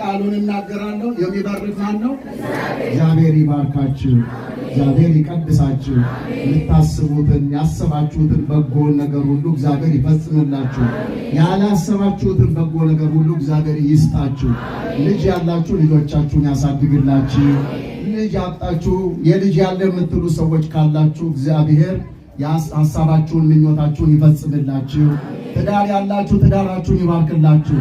ቃሉን እናገራለሁ። የሚባርክ ማን ነው? እግዚአብሔር ይባርካችሁ፣ እግዚአብሔር ይቀድሳችሁ። የምታስቡትን ያሰባችሁትን በጎ ነገር ሁሉ እግዚአብሔር ይፈጽምላችሁ። ያላሰባችሁትን በጎ ነገር ሁሉ እግዚአብሔር ይስጣችሁ። ልጅ ያላችሁ ልጆቻችሁን ያሳድግላችሁ። ልጅ አጣችሁ የልጅ ያለ የምትሉ ሰዎች ካላችሁ እግዚአብሔር ሀሳባችሁን ምኞታችሁን ይፈጽምላችሁ። ትዳር ያላችሁ ትዳራችሁን ይባርክላችሁ።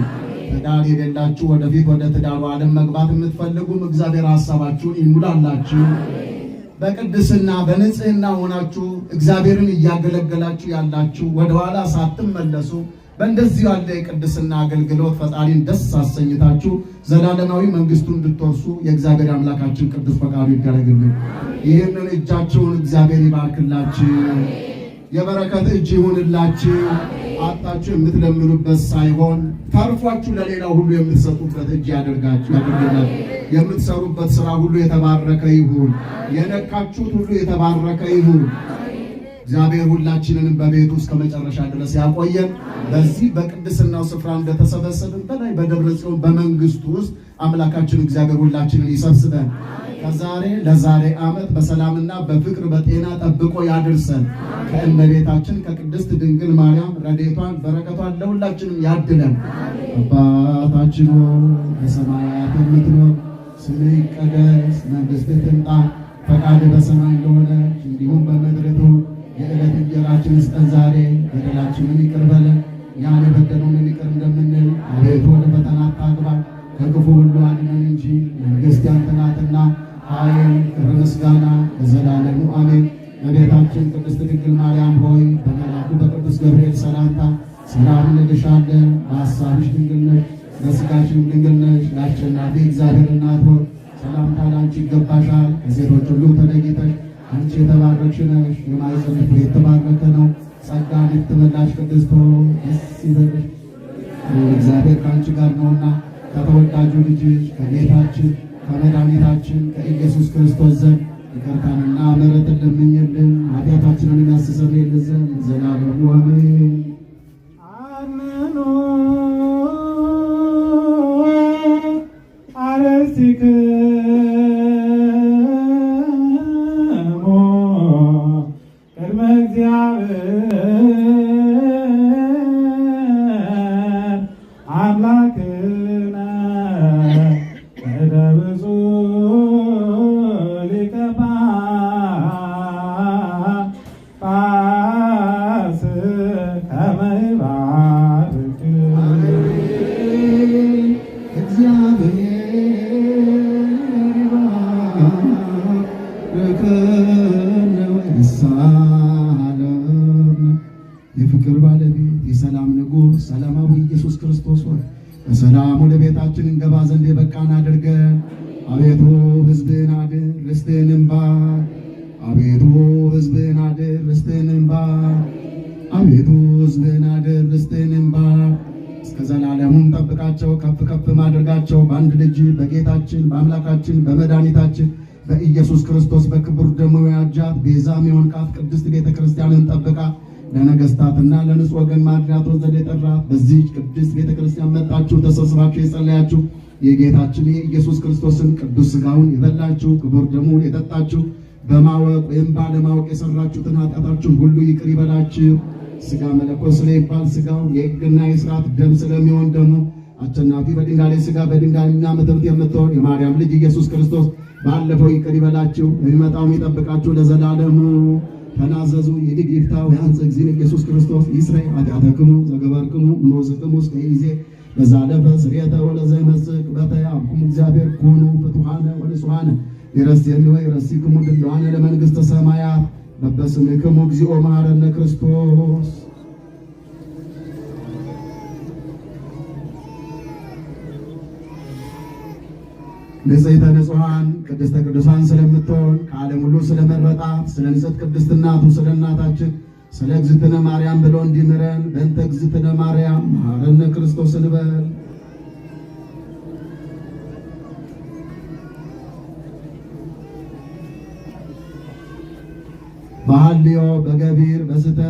ትዳር የሌላችሁ ወደፊት ወደ ትዳሩ ዓለም መግባት የምትፈልጉም እግዚአብሔር ሀሳባችሁን ይሙላላችሁ። በቅድስና በንጽህና ሆናችሁ እግዚአብሔርን እያገለገላችሁ ያላችሁ ወደኋላ ሳትመለሱ በእንደዚህ ያለ የቅድስና አገልግሎት ፈጣሪን ደስ አሰኝታችሁ ዘላለማዊ መንግስቱን እንድትወርሱ የእግዚአብሔር አምላካችን ቅዱስ ፈቃዱ ይደረግልን። ይህንን እጃችሁን እግዚአብሔር ይባርክላችሁ። የበረከት እጅ ይሁንላችሁ። አጣችሁ የምትለምኑበት ሳይሆን ተርፏችሁ ለሌላው ሁሉ የምትሰጡበት እጅ ያደርጋችሁ። የምትሰሩበት ስራ ሁሉ የተባረከ ይሁን። የነካችሁት ሁሉ የተባረከ ይሁን። እግዚአብሔር ሁላችንንም በቤቱ እስከ መጨረሻ ድረስ ያቆየን። በዚህ በቅድስናው ስፍራ እንደተሰበሰብን በላይ በደብረ ጽዮን በመንግስቱ ውስጥ አምላካችን እግዚአብሔር ሁላችንን ይሰብስበን። ከዛሬ ለዛሬ ዓመት በሰላምና በፍቅር በጤና ጠብቆ ያድርሰን። ከእመቤታችን ከቅድስት ድንግል ማርያም ረዴቷን በረከቷን ለሁላችንም ያድለን። አባታችን በሰማያት የምትኖር ስምህ ይቀደስ፣ መንግሥትህ ትምጣ፣ ፈቃድህ በሰማይ እንደሆነ እንዲሁም በምድር ትሁን። የዕለት እንጀራችንን ስጠን ዛሬ፣ በደላችንን ይቅር በለን እኛም የበደሉንን ይቅር እንደምንል፣ አቤቱ ወደ ፈተና አታግባን፣ ከክፉ ሁሉ አድነን እንጂ መንግስት ያንተ ናትና ለአለም ክብር ምስጋና ለዘላለሙ አሜን። እመቤታችን ቅድስት ድንግል ማርያም ሆይ በመልአኩ በቅዱስ ገብርኤል ሰላምታ ሰላም እንልሻለን፣ በሐሳብሽ ድንግል ነሽ፣ በሥጋሽም ድንግል ነሽ። ለአሸናፊ እግዚአብሔር እናት ሆይ ሰላምታ ለአንቺ ይገባሻል። ከሴቶች ሁሉ ተለይተሽ አንቺ የተባረክሽ ነሽ፣ የማኅፀንሽ ፍሬ የተባረከ ነው። ጸጋን የተመላሽ ቅድስት ሆይ ደስ ይበልሽ፣ እግዚአብሔር ከአንቺ ጋር ነውና ከተወዳጁ ልጅሽ ከጌታችን ከመድኃኒታችን ከኢየሱስ ክርስቶስ ዘንድ ይቅርታንና ምሕረትን ለምኝልን ኃጢአታችንን የሚያስተሰርይልን ዘንድ ዘላለሙ ከለው የፍቅር ባለቤት የሰላም ንጉሥ ሰላማዊ ኢየሱስ ክርስቶስ ሆይ በሰላም ወደ ቤታችን እንገባ ዘንድ የበቃን አድርገን። አቤቱ ሕዝብህን አድር ርስትህንም ባርክ። አቤቱ ሕዝብህን አድር ርስትህንም ባርክ። አቤቱ ሕዝብህን አድር ርስትህንም ባርክ። እስከ ዘላለሙም ጠብቃቸው ከፍ ከፍ ማድረጋቸው በአንድ ልጅ በጌታችን በአምላካችን በመድኃኒታችን በኢየሱስ ክርስቶስ በክብር ደሙ ያጃት ቤዛ የሆንካት ቅድስት ቤተ ክርስቲያንን ጠብቃ ለነገስታትና ለንጹሕ ወገን ማዕድናት ወዘደ የጠራ በዚህ ቅድስት ቤተ ክርስቲያን መጣችሁ ተሰብስባችሁ የጸለያችሁ የጌታችን የኢየሱስ ክርስቶስን ቅዱስ ስጋውን የበላችሁ ክቡር ደሙን የጠጣችሁ በማወቅ ወይም ባለማወቅ የሰራችሁትን ኃጢአታችሁን ሁሉ ይቅር ይበላችሁ። ሥጋ መለኮት ስለሚባል ስጋው የሕግና የሥርዓት ደም ስለሚሆን ደግሞ አሸናፊ በድንጋሌ ሥጋ በድንጋሌና ምትርት የምትሆን የማርያም ልጅ ኢየሱስ ክርስቶስ ባለፈው ይቅር ይበላችሁ፣ የሚመጣውም ይጠብቃችሁ ለዘላለሙ። ተናዘዙ ይድግ ይፍታው ያንዘ እግዚእነ ኢየሱስ ክርስቶስ ይስረይ ኃጢአተክሙ ዘገበርክሙ እምወስክሙ እስከ ጊዜ በዛለፈ ስርየተ ወለዘይመጽእ ቅበተ አብክሙ እግዚአብሔር ኩኑ ፍቱሐነ ወንጹሐነ ይረሴኒ ወይረሴክሙ ድሉዋነ ለመንግሥተ ሰማያት በበስምክሙ እግዚኦ መሐረነ ክርስቶስ ንጽሕተ ንጹሐን ቅድስተ ቅዱሳን ስለምትሆን ከዓለም ሁሉ ስለመረጣት ስለ ንጽሕት ቅድስት እናቱ ስለ እናታችን ስለ እግዝእትነ ማርያም ብሎ እንዲምረን በእንተ እግዝእትነ ማርያም መሐረነ ክርስቶስ እንበል። በሐልዮ በገቢር በስተት